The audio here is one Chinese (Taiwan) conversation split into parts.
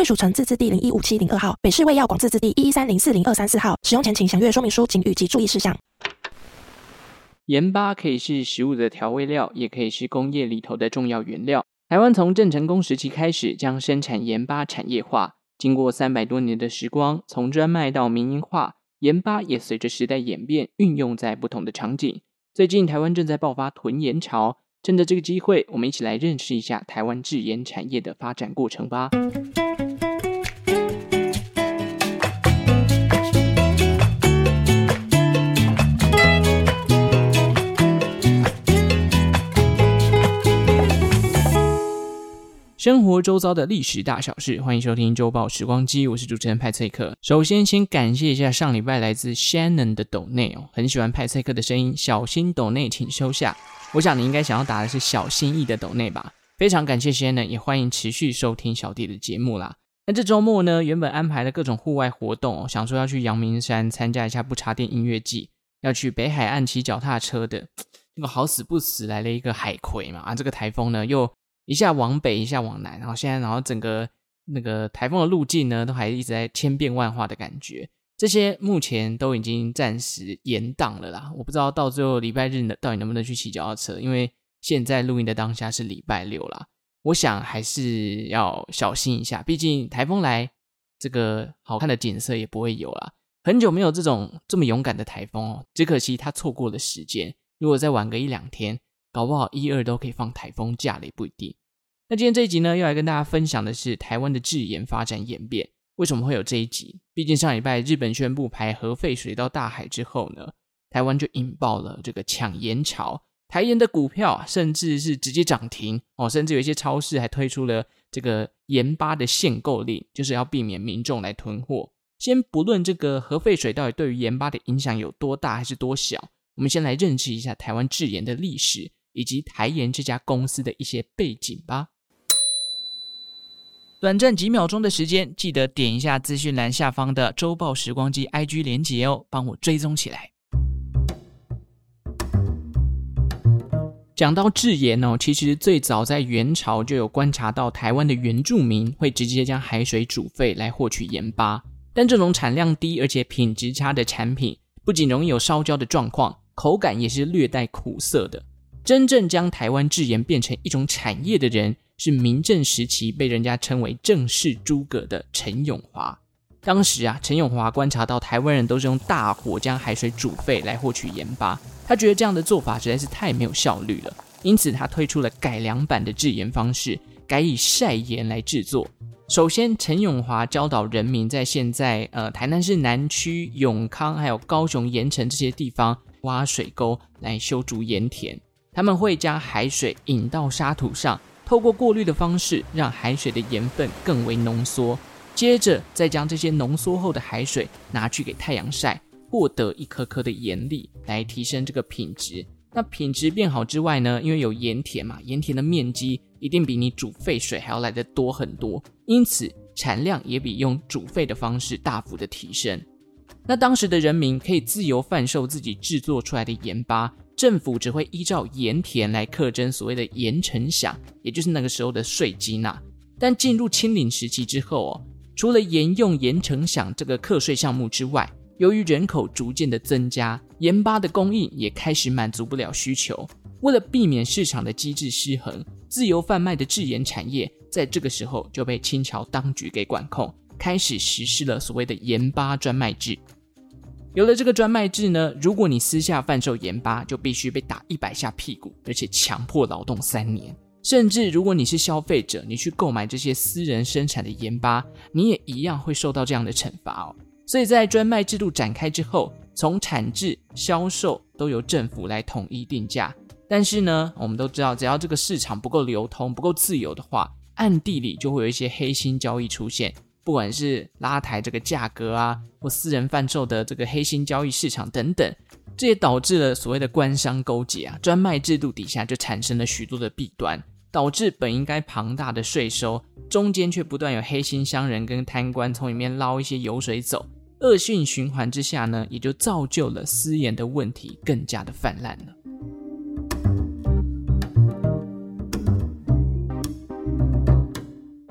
貴屬城自治地零一五七零二號，北市衛藥廣自治地一一三零四零二三四號。使用前請詳閱說明書警語及注意事項。鹽巴可以是食物的調味料，也可以是工業裡頭的重要原料。台灣從鄭成功時期開始將生產鹽巴產業化，經過三百多年的時光，從專賣到民營化，鹽巴也隨着時代演變，運用在不同的場景。最近台灣正在爆發囤鹽潮，趁着這個機會，我們一起來認識一下台灣製鹽產業的發展過程吧。生活周遭的歷史大小事，歡迎收聽《周報時光機》，我是主持人派翠克。首先，先感謝一下上禮拜來自 Shannon 的斗內哦，很喜歡派翠克的聲音，小心斗內，請收下。我想你應該想要打的是小心翼翼的斗內吧？非常感謝 Shannon，也歡迎持續收聽小弟的節目啦。那這周末呢，原本安排了各種戶外活動，哦，想說要去陽明山參加一下不插電音樂祭，要去北海岸騎腳踏車的，那個好死不死來了一個海葵嘛啊，這個台風呢又。一下往北，一下往南，然後現在，然後整個那個颱風的路徑呢，都還一直在千變萬化的感覺。這些目前都已經暫時延宕了啦。我不知道到最後禮拜日呢，到底能不能去騎腳踏車，因為現在錄音的當下是禮拜六啦。我想還是要小心一下，畢竟颱風來，這個好看的景色也不會有啦，很久沒有這種這麼勇敢的颱風哦，只可惜它錯過了時間。如果再晚個一兩天搞不好一二都可以放颱風假也不一定。那今天這一集呢，要來跟大家分享的是台灣的製鹽發展演變，為什麼會有這一集？畢竟上禮拜日本宣布排核廢水到大海之後呢，台灣就引爆了這個搶鹽潮，台鹽的股票甚至是直接漲停哦，甚至有一些超市還推出了這個鹽巴的限購令，就是要避免民眾來囤貨。先不論這個核廢水到底對於鹽巴的影響有多大還是多小，我們先來認識一下台灣製鹽的歷史。以及台鹽這家公司的一些背景吧。短暫幾秒鐘的時間，記得點一下資訊欄下方的周報時光機 IG 連結哦，幫我追蹤起來。講到制鹽哦，其實最早在元朝就有觀察到台灣的原住民會直接將海水煮沸來獲取鹽巴，但這種產量低而且品質差的產品，不僅容易有燒焦的狀況，口感也是略帶苦澀的。真正將台灣製鹽變成一種產業的人，是明鄭時期被人家稱為“鄭氏諸葛”的陳永華。當時啊，陳永華觀察到台灣人都是用大火將海水煮沸來獲取鹽巴，他覺得這樣的做法實在是太沒有效率了，因此他推出了改良版的製鹽方式，改以曬鹽來制作。首先，陳永華教導人民在現在呃台南市南區永康，還有高雄鹽埕這些地方挖水溝來修築鹽田。他們會將海水引到沙土上，透過過濾的方式讓海水的鹽分更為濃縮，接着再將這些濃縮後的海水拿去給太陽曬，獲得一顆顆的鹽粒來提升這個品質。那品質變好之外呢，因為有鹽田嘛，鹽田的面積一定比你煮沸水還要來得多很多，因此產量也比用煮沸的方式大幅的提升。那當時的人民可以自由販售自己製作出來的鹽巴。政府只會依照鹽田來課徵所謂的鹽埕餉，也就是那個時候的稅金哪。但進入清領時期之後哦，除了沿用鹽埕餉這個課稅項目之外，由於人口逐漸的增加，鹽巴的供應也開始滿足不了需求。為了避免市場的機制失衡，自由販賣的制鹽產業在這個時候就被清朝當局給管控，開始實施了所謂的鹽巴專賣制。有了這個專賣制呢，如果你私下販售鹽巴，就必須被打一百下屁股，而且強迫勞動三年。甚至如果你是消費者，你去購買這些私人生產的鹽巴，你也一樣會受到這樣的懲罰哦。所以在專賣制度展開之後，從產制、銷售都由政府來統一定價。但是呢，我們都知道，只要這個市場不夠流通、不夠自由的話，暗地裡就會有一些黑心交易出現。不管是拉抬這個價格啊，或私人販售的這個黑心交易市場等等，這也導致了所謂的官商勾結啊，專賣制度底下就產生了許多的弊端，導致本應該龐大的稅收，中間卻不斷有黑心商人跟貪官從裡面撈一些油水走，惡性循環之下呢，也就造就了私鹽的問題更加的泛濫了。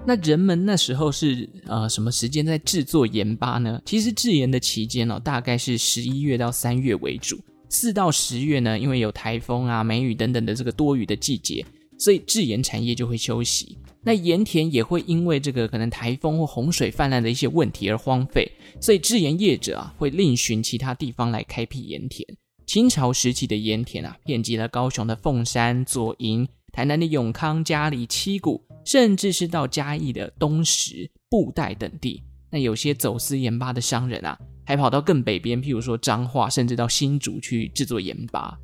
那人們那時候是呃什麼時間在製作鹽巴呢？其實製鹽的期間呢、哦，大概是十一月到三月為主。四到十月呢，因為有台風啊、梅雨等等的這個多雨的季節，所以製鹽產業就會休息。那鹽田也會因為這個可能台風或洪水泛濫的一些問題而荒廢，所以製鹽業者啊會另尋其他地方來開闢鹽田。清朝時期的鹽田啊，遍及了高雄的鳳山、左營、台南的永康、佳里、七股甚至是到嘉義的東石、布袋等地，那有些走私鹽巴的商人啊，還跑到更北邊，譬如說彰化，甚至到新竹去制作鹽巴。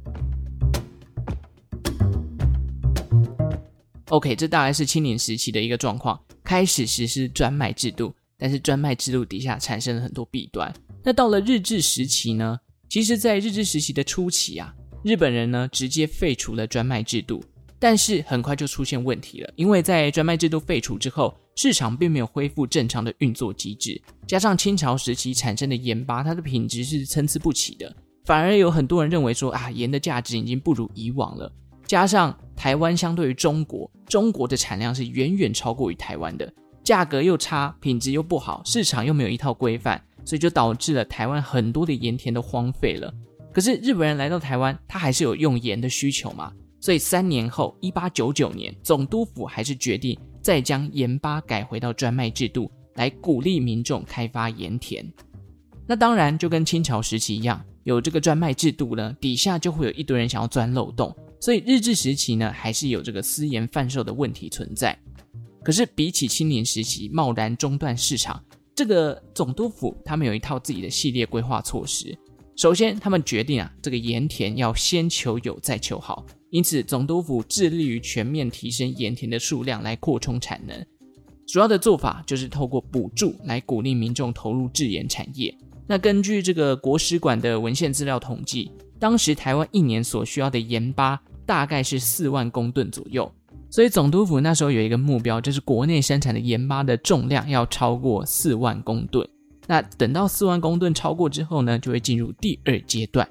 OK，這大概是清領時期的一個狀況，開始實施專賣制度，但是專賣制度底下產生了很多弊端。那到了日治時期呢？其實，在日治時期的初期啊，日本人呢直接廢除了專賣制度。但是很快就出現問題了，因為在專賣制度廢除之後，市場並沒有恢復正常的運作機制，加上清朝時期產生的鹽巴，它的品質是參差不齊的，反而有很多人認為說啊，鹽的價值已經不如以往了。加上台灣相對於中國，中國的產量是遠遠超過於台灣的，價格又差，品質又不好，市場又沒有一套規範，所以就導致了台灣很多的鹽田都荒廢了。可是日本人來到台灣，他還是有用鹽的需求嗎？所以三年後，一八九九年，總督府還是決定再將鹽巴改回到專賣制度，來鼓勵民眾開發鹽田。那當然就跟清朝時期一樣，有這個專賣制度呢，底下就會有一堆人想要鑽漏洞。所以日治時期呢，還是有這個私鹽販售的問題存在。可是比起清領時期貿然中斷市場，這個總督府他們有一套自己的系列規劃措施。首先，他們決定啊，這個鹽田要先求有再求好。因此，總督府致力於全面提升鹽田的數量，來擴充產能。主要的做法就是透過補助來鼓勵民眾投入製鹽產業。那根據這個國史館的文獻資料統計，當時台灣一年所需要的鹽巴大概是四萬公噸左右。所以，總督府那時候有一個目標，就是國內生產的鹽巴的重量要超過四萬公噸。那等到四萬公噸超過之後呢，就會進入第二階段。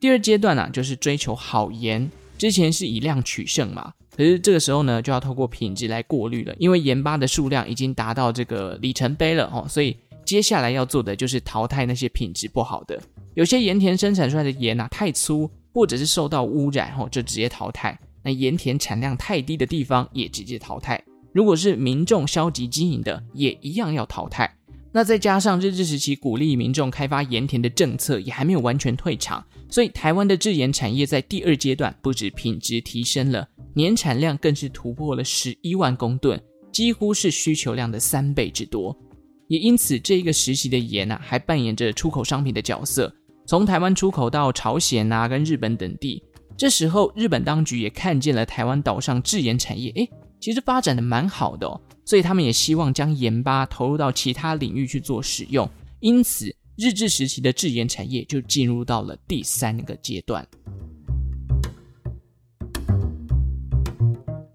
第二階段呢、啊，就是追求好鹽。之前是以量取勝嘛，可是這個時候呢，就要透過品質來過濾了。因為鹽巴的數量已經達到這個里程碑了哦，所以接下來要做的就是淘汰那些品質不好的。有些鹽田生產出來的鹽啊太粗，或者是受到污染哦，就直接淘汰。那鹽田產量太低的地方也直接淘汰。如果是民眾消極經營的，也一樣要淘汰。那再加上日治時期鼓勵民眾開發鹽田的政策也還沒有完全退場，所以台灣的制鹽產業在第二階段不只品質提升了，年產量更是突破了十一萬公噸，幾乎是需求量的三倍之多。也因此，這一個時期的鹽呢，還扮演着出口商品的角色，從台灣出口到朝鮮啊、跟日本等地。這時候，日本當局也看見了台灣島上制鹽產業、欸，其實發展得蠻好的哦，所以他們也希望將鹽巴投入到其他領域去做使用。因此，日治時期的製鹽產業就進入到了第三個階段。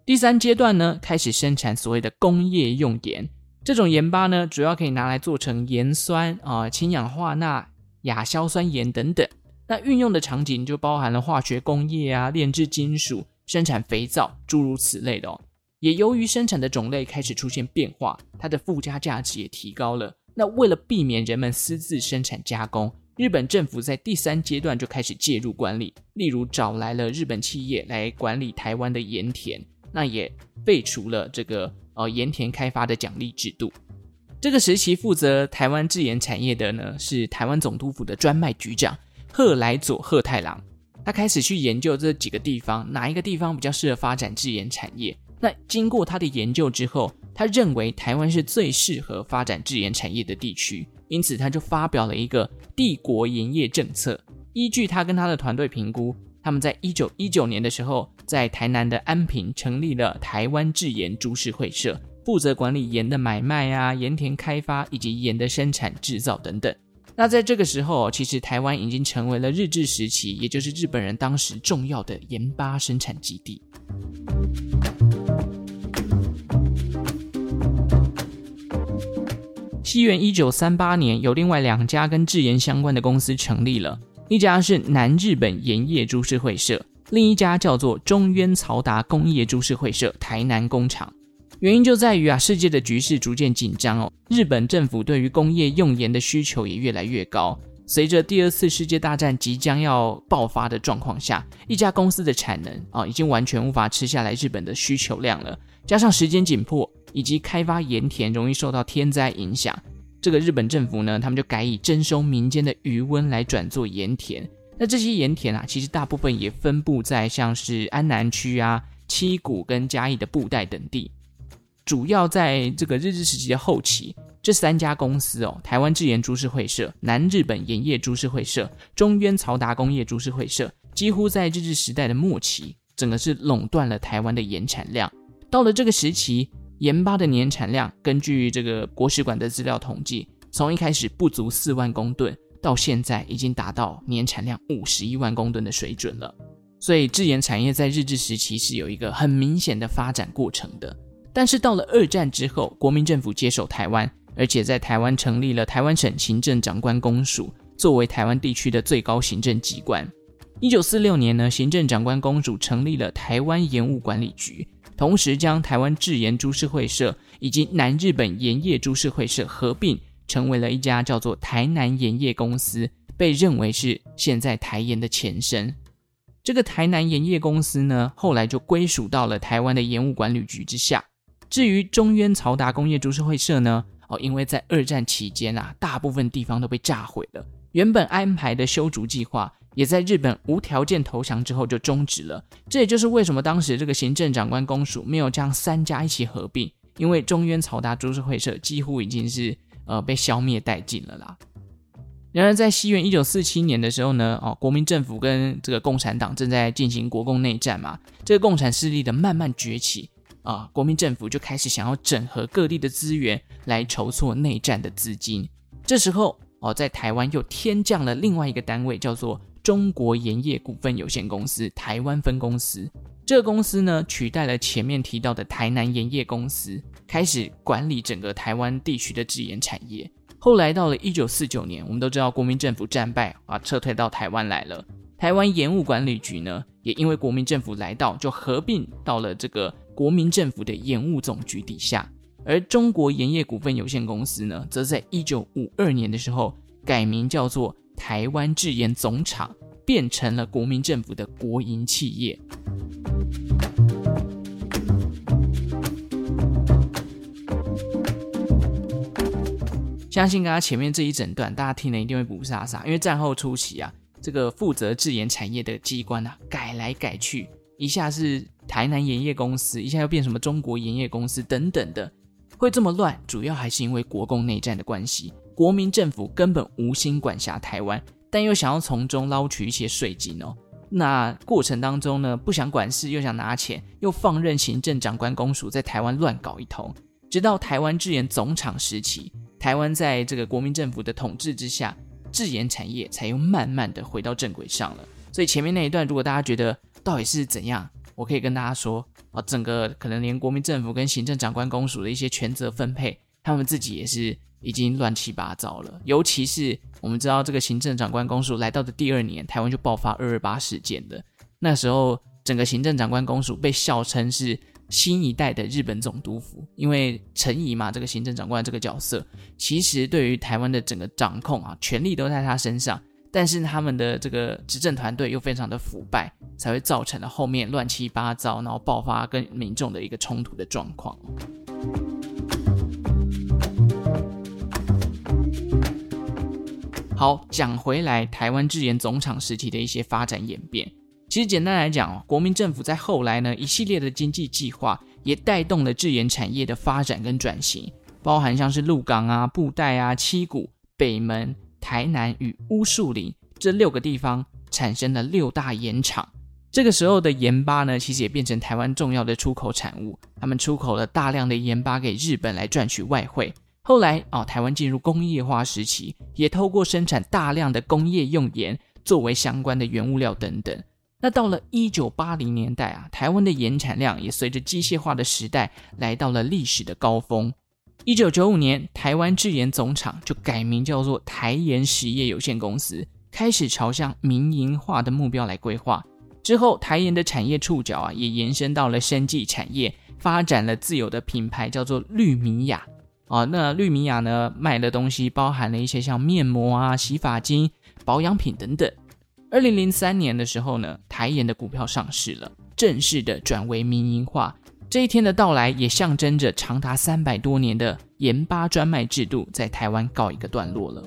第三階段呢，開始生產所謂的工業用鹽。這種鹽巴呢，主要可以拿來做成鹽酸啊、呃、氫氧化鈉、亞硝酸鹽等等。那運用的場景就包含了化學工業啊、煉製金屬、生產肥皂諸如此類的哦。也由於生產的種類開始出現變化，它的附加價值也提高了。那為了避免人們私自生產加工，日本政府在第三階段就開始介入管理，例如找來了日本企業來管理台灣的鹽田，那也廢除了這個呃鹽田開發的獎勵制度。這個時期負責台灣製鹽產業的呢，是台灣總督府的專賣局長，賀來佐賀太郎，他開始去研究這幾個地方，哪一個地方比較適合發展製鹽產業。那經過他的研究之後，他認為台灣是最適合發展製鹽產業的地區，因此他就發表了一個帝國鹽業政策。依據他跟他的團隊評估，他們在一九一九年的時候，在台南的安平成立了台灣製鹽株式會社，負責管理鹽的買賣啊、鹽田開發以及鹽的生產製造等等。那在這個時候，其實台灣已經成為了日治時期，也就是日本人當時重要的鹽巴生產基地。西元一九三八年，有另外兩家跟製鹽相關的公司成立了，一家是南日本鹽業株式會社，另一家叫做中淵曹達工業株式會社，台南工廠。原因就在於啊，世界的局勢逐漸緊張哦，日本政府對於工業用鹽的需求也越來越高。隨着第二次世界大戰即將要爆發的狀況下，一家公司的產能啊、哦，已經完全無法吃下來日本的需求量了，加上時間緊迫，以及開發鹽田容易受到天災影響，這個日本政府呢，他們就改以徵收民間的魚塭來轉做鹽田。那這些鹽田啊，其實大部分也分布在像是安南區啊、七股跟嘉義的布袋等地。主要在這個日治時期的後期，這三家公司哦，台灣製鹽株式會社、南日本鹽業株式會社、中淵曹達工業株式會社，幾乎在日治時代的末期，整個是壟斷了台灣的鹽產量。到了這個時期。鹽巴的年產量，根據這個國史館的資料統計，從一開始不足四萬公噸，到現在已經達到年產量五十一萬公噸的水準了。所以制鹽產業在日治時期是有一個很明顯的發展過程的。但是到了二戰之後，國民政府接手台灣，而且在台灣成立了台灣省行政長官公署，作為台灣地區的最高行政機關。一九四六年呢，行政長官公署成立了台灣鹽務管理局，同時將台灣製鹽株式會社以及南日本鹽業株式會社合併，成為了一家叫做台南鹽業公司，被認為是現在台鹽的前身。這個台南鹽業公司呢，後來就歸屬到了台灣的鹽務管理局之下。至於中淵曹達工業株式會社呢，哦，因為在二戰期間啊，大部分地方都被炸毀了，原本安排的修築計劃。也在日本無條件投降之後就終止了。這也就是為什麼當時這個行政長官公署沒有將三家一起合併，因為鐘淵曹達株式會社幾乎已經是呃被消滅殆盡了啦。然而在西元一九四七年的時候呢，哦，國民政府跟這個共產黨正在進行國共內戰嘛，這個共產勢力的慢慢崛起啊，國民政府就開始想要整合各地的資源來籌措內戰的資金。這時候哦、啊，在台灣又天降了另外一個單位叫做。中國鹽業股份有限公司台灣分公司。這公司呢，取代了前面提到的台南鹽業公司，開始管理整個台灣地區的製鹽產業。後來到了一九四九年，我們都知道國民政府戰敗啊，撤退到台灣來了。台灣鹽務管理局呢，也因為國民政府來到，就合併到了這個國民政府的鹽務總局底下。而中國鹽業股份有限公司呢，則在一九五二年的時候改名叫做，台灣製鹽總廠，變成了國民政府的國營企業。相信剛剛前面這一整段，大家聽了一定會霧煞煞，因為戰後初期啊，這個負責製鹽產業的機關啊，改來改去，一下是台南鹽業公司，一下又變什麼中國鹽業公司等等的，會這麼亂，主要還是因為國共內戰的關係。國民政府根本無心管轄台灣，但又想要從中撈取一些稅金哦。那過程當中呢，不想管事又想拿錢，又放任行政長官公署在台灣亂搞一通。直到台灣製鹽總廠時期，台灣在這個國民政府的統治之下，製鹽產業才又慢慢的回到正軌上了。所以前面那一段，如果大家覺得到底是怎樣，我可以跟大家說啊，整個可能連國民政府跟行政長官公署的一些權責分配。他們自己也是已經亂七八糟了，尤其是我們知道這個行政長官公署來到的第二年，台灣就爆發二二八事件的那時候，整個行政長官公署被笑稱是新一代的日本總督府，因為陳儀嘛，這個行政長官這個角色，其實對於台灣的整個掌控啊，權力都在他身上，但是他們的這個執政團隊又非常的腐敗，才會造成了後面亂七八糟，然後爆發跟民眾的一個衝突的狀況。好，講回來，台灣製鹽總廠時期的一些發展演變，其實簡單來講，國民政府在後來呢一系列的經濟計劃，也帶動了製鹽產業的發展跟轉型，包含像是鹿港啊、布袋啊、七股、北門、台南與烏樹林這六個地方，產生了六大鹽場。這個時候的鹽巴呢，其實也變成台灣重要的出口產物，他們出口了大量的鹽巴給日本來賺取外匯。後來啊、哦，台灣進入工業化時期，也透過生產大量的工業用鹽作為相關的原物料等等。那到了一九八零年代啊，台灣的鹽產量也隨着機械化的時代來到了歷史的高峰。一九九五年，台灣製鹽總廠就改名叫做台鹽實業有限公司，開始朝向民營化的目標來規劃。之後，台鹽的產業觸角啊也延伸到了生技產業，發展了自有的品牌叫做綠米雅。啊、哦，那綠迷雅呢，賣的東西包含了一些像面膜啊、洗髮精、保養品等等。二零零三年的時候呢，台鹽的股票上市了，正式的轉為民營化。這一天的到來，也象徵着長達三百多年的鹽巴專賣制度在台灣告一個段落了。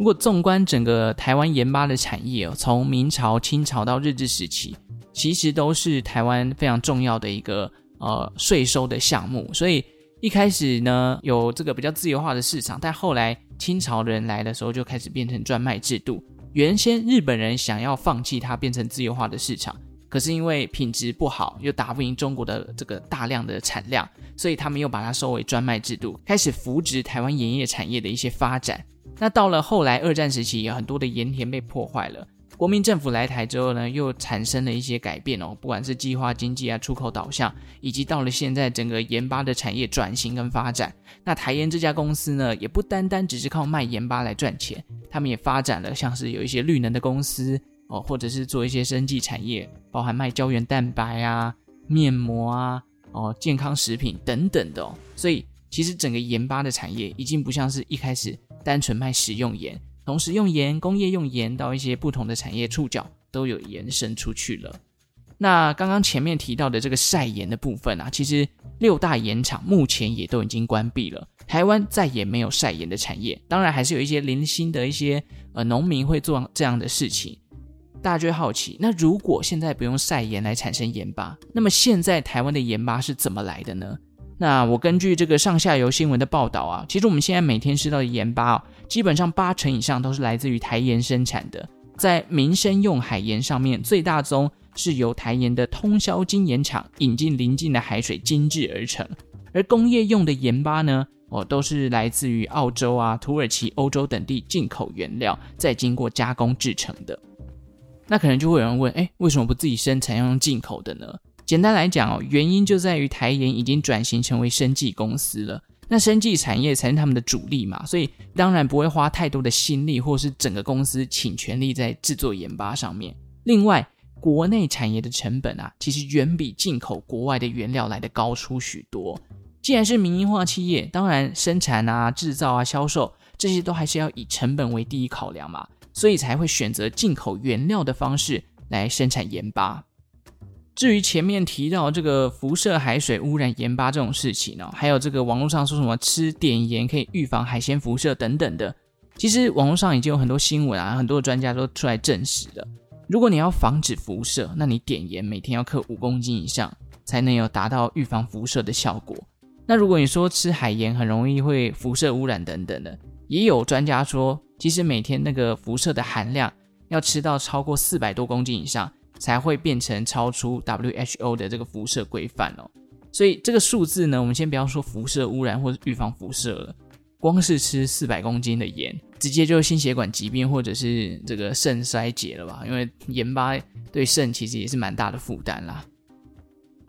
不過縱觀整個台灣鹽巴的產業哦，從明朝、清朝到日治時期，其實都是台灣非常重要的一個呃稅收的項目。所以一開始呢，有這個比較自由化的市場，但後來清朝人來的時候，就開始變成專賣制度。原先日本人想要放棄它，變成自由化的市場。可是因為品質不好，又打不贏中國的這個大量的產量，所以他們又把它收為專賣制度，開始扶植台灣鹽業產業的一些發展。那到了後來二戰時期，有很多的鹽田被破壞了。國民政府來台之後呢，又產生了一些改變哦，不管是計劃經濟啊、出口導向，以及到了現在整個鹽巴的產業轉型跟發展。那台鹽這家公司呢，也不單單只是靠賣鹽巴來賺錢，他們也發展了像是有一些綠能的公司。哦，或者是做一些生技產業，包含賣膠原蛋白啊、面膜啊、哦健康食品等等的哦。所以其實整個鹽巴的產業已經不像是一開始單純賣食用鹽，從食用鹽、工業用鹽到一些不同的產業觸角都有延伸出去了。那剛剛前面提到的這個曬鹽的部分啊，其實六大鹽廠目前也都已經關閉了，台灣再也沒有曬鹽的產業。當然還是有一些零星的一些呃農民會做這樣的事情。大家就好奇，那如果現在不用曬鹽來產生鹽巴，那麼現在台灣的鹽巴是怎麼來的呢？那我根據這個上下游新聞的報道啊，其實我們現在每天吃到的鹽巴啊、哦，基本上八成以上都是來自於台鹽生產的。在民生用海鹽上面，最大宗是由台鹽的通霄精鹽廠引進鄰近的海水精制而成；而工業用的鹽巴呢，哦都是來自於澳洲啊、土耳其、歐洲等地進口原料，再經過加工制成的。那可能就會有人問，誒，為什麼不自己生產，要用進口的呢？簡單來講哦，原因就在於台鹽已經轉型成為生技公司了，那生技產業才是他們的主力嘛，所以當然不會花太多的心力，或是整個公司傾全力在制作鹽巴上面。另外，國內產業的成本啊，其實遠比進口國外的原料來得高出許多。既然是民營化企業，當然生產啊、制造啊、銷售這些都還是要以成本為第一考量嘛。所以才會選擇進口原料的方式來生產鹽巴。至於前面提到這個輻射海水污染鹽巴這種事情呢，哦，還有這個網絡上說什麼吃碘鹽可以預防海鮮輻射等等的，其實網絡上已經有很多新聞啊，很多專家都出來證實了。如果你要防止輻射，那你碘鹽每天要克五公斤以上，才能有達到預防輻射的效果。那如果你說吃海鹽很容易會輻射污染等等的，也有專家說，其實每天那個輻射的含量要吃到超過四百多公斤以上，才會變成超出 WHO 的這個輻射規範哦。所以這個數字呢，我們先不要說輻射污染或者預防輻射了，光是吃四百公斤的鹽，直接就心血管疾病或者是這個腎衰竭了吧？因為鹽巴對腎其實也是蠻大的負擔啦。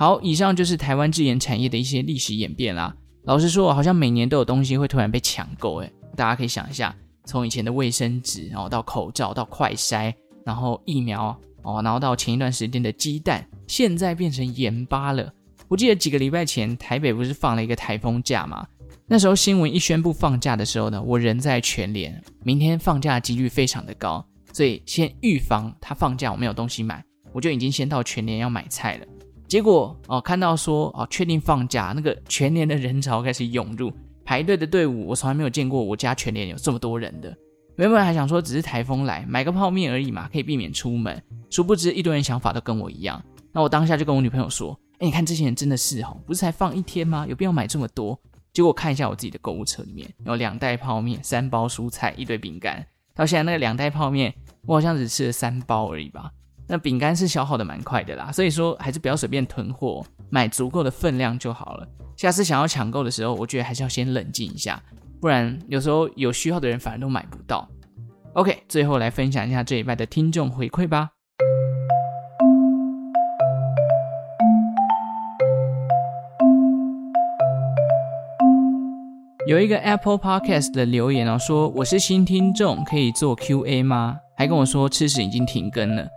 好，以上就是台灣製鹽產業的一些歷史演變啦。老實說，好像每年都有東西會突然被搶購，誒，大家可以想一下，從以前的衛生紙，然後到口罩，到快篩，然後疫苗，哦，然後到前一段時間的雞蛋，現在變成鹽巴了。我記得幾個禮拜前台北不是放了一個台風假嗎？那時候新聞一宣布放假的時候呢，我人在全聯，明天放假幾率非常的高，所以先預防他放假我沒有東西買，我就已經先到全聯要買菜了。結果哦，看到說哦，確定放假，那個全聯的人潮開始湧入，排隊的隊伍我從來沒有見過，我家全聯有這麼多人的。原本還想說只是台風來，買個泡麵而已嘛，可以避免出門。殊不知一堆人想法都跟我一樣。那我當下就跟我女朋友說，哎，你看這些人真的是哦，不是才放一天嗎？有必要買這麼多？結果我看一下我自己的購物車裡面，有兩袋泡麵、三包蔬菜、一堆餅乾。到現在那個兩袋泡麵，我好像只吃了三包而已吧。那餅乾是消耗的蠻快的啦，所以說還是不要隨便囤貨，買足夠的分量就好了。下次想要搶購的時候，我覺得還是要先冷靜一下，不然有時候有需要的人反而都買不到。OK，最後來分享一下這禮拜的聽眾回饋吧。有一個 Apple Podcast 的留言哦，說我是新聽眾，可以做 QA 嗎？還跟我說吃屎已經停更了。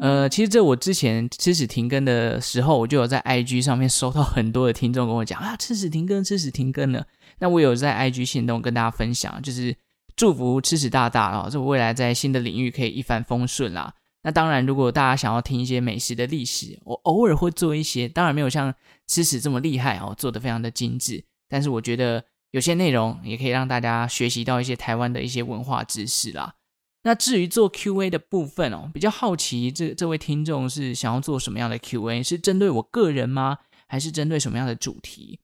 呃，其實這我之前吃屎停更的時候，我就有在 IG 上面收到很多的聽眾跟我講啊，吃屎停更，吃屎停更了。那我有在 IG 限動跟大家分享，就是祝福吃屎大大哦，這未來在新的領域可以一帆風順啦。那當然，如果大家想要聽一些美食的歷史，我偶爾會做一些，當然沒有像吃屎這麼厲害哦，做得非常的精緻。但是我覺得有些內容也可以讓大家學習到一些台灣的一些文化知識啦。那至於做 Q&A 的部分哦，比較好奇這這位聽眾是想要做什麼樣的 Q&A，是針對我個人嗎？還是針對什麼樣的主題？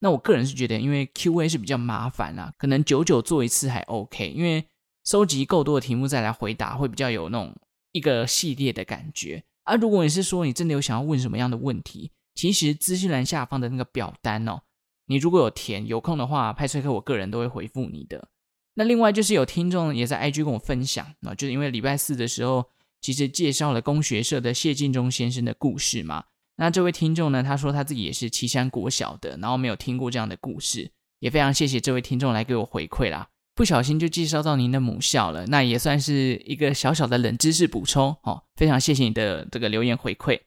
那我個人是覺得，因為 Q&A 是比較麻煩啊，可能久久做一次還 OK，因為收集夠多的題目再來回答會比較有那種一個系列的感覺。啊，如果你是說你真的有想要問什麼樣的問題，其實資訊欄下方的那個表單哦，你如果有填有空的話，派翠克我個人都會回復你的。那另外就是有聽眾也在 IG 跟我分享，啊，就是因為禮拜四的時候其實介紹了工學社的謝晉中先生的故事嘛。那這位聽眾呢，他說他自己也是旗山國小的，然後沒有聽過這樣的故事，也非常謝謝這位聽眾來給我回饋啦。不小心就介紹到您的母校了，那也算是一個小小的冷知識補充哦。非常謝謝你的這個留言回饋。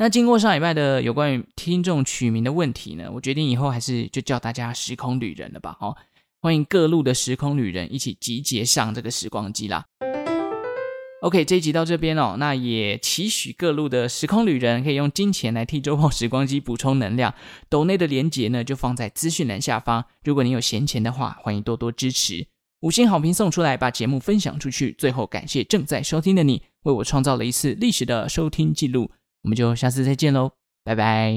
那經過上禮拜的有關於聽眾取名的問題呢，我決定以後還是就叫大家時空旅人了吧。哦。歡迎各路的時空旅人一起集結上這個時光機啦！OK，這一集到這邊哦，那也期許各路的時空旅人可以用金錢來替周報時光機補充能量。抖內的連結呢，就放在資訊欄下方。如果你有閒錢的話，歡迎多多支持，五星好評送出來，把節目分享出去。最後，感謝正在收聽的你，為我創造了一次歷史的收聽記錄。我們就下次再見嘍，拜拜。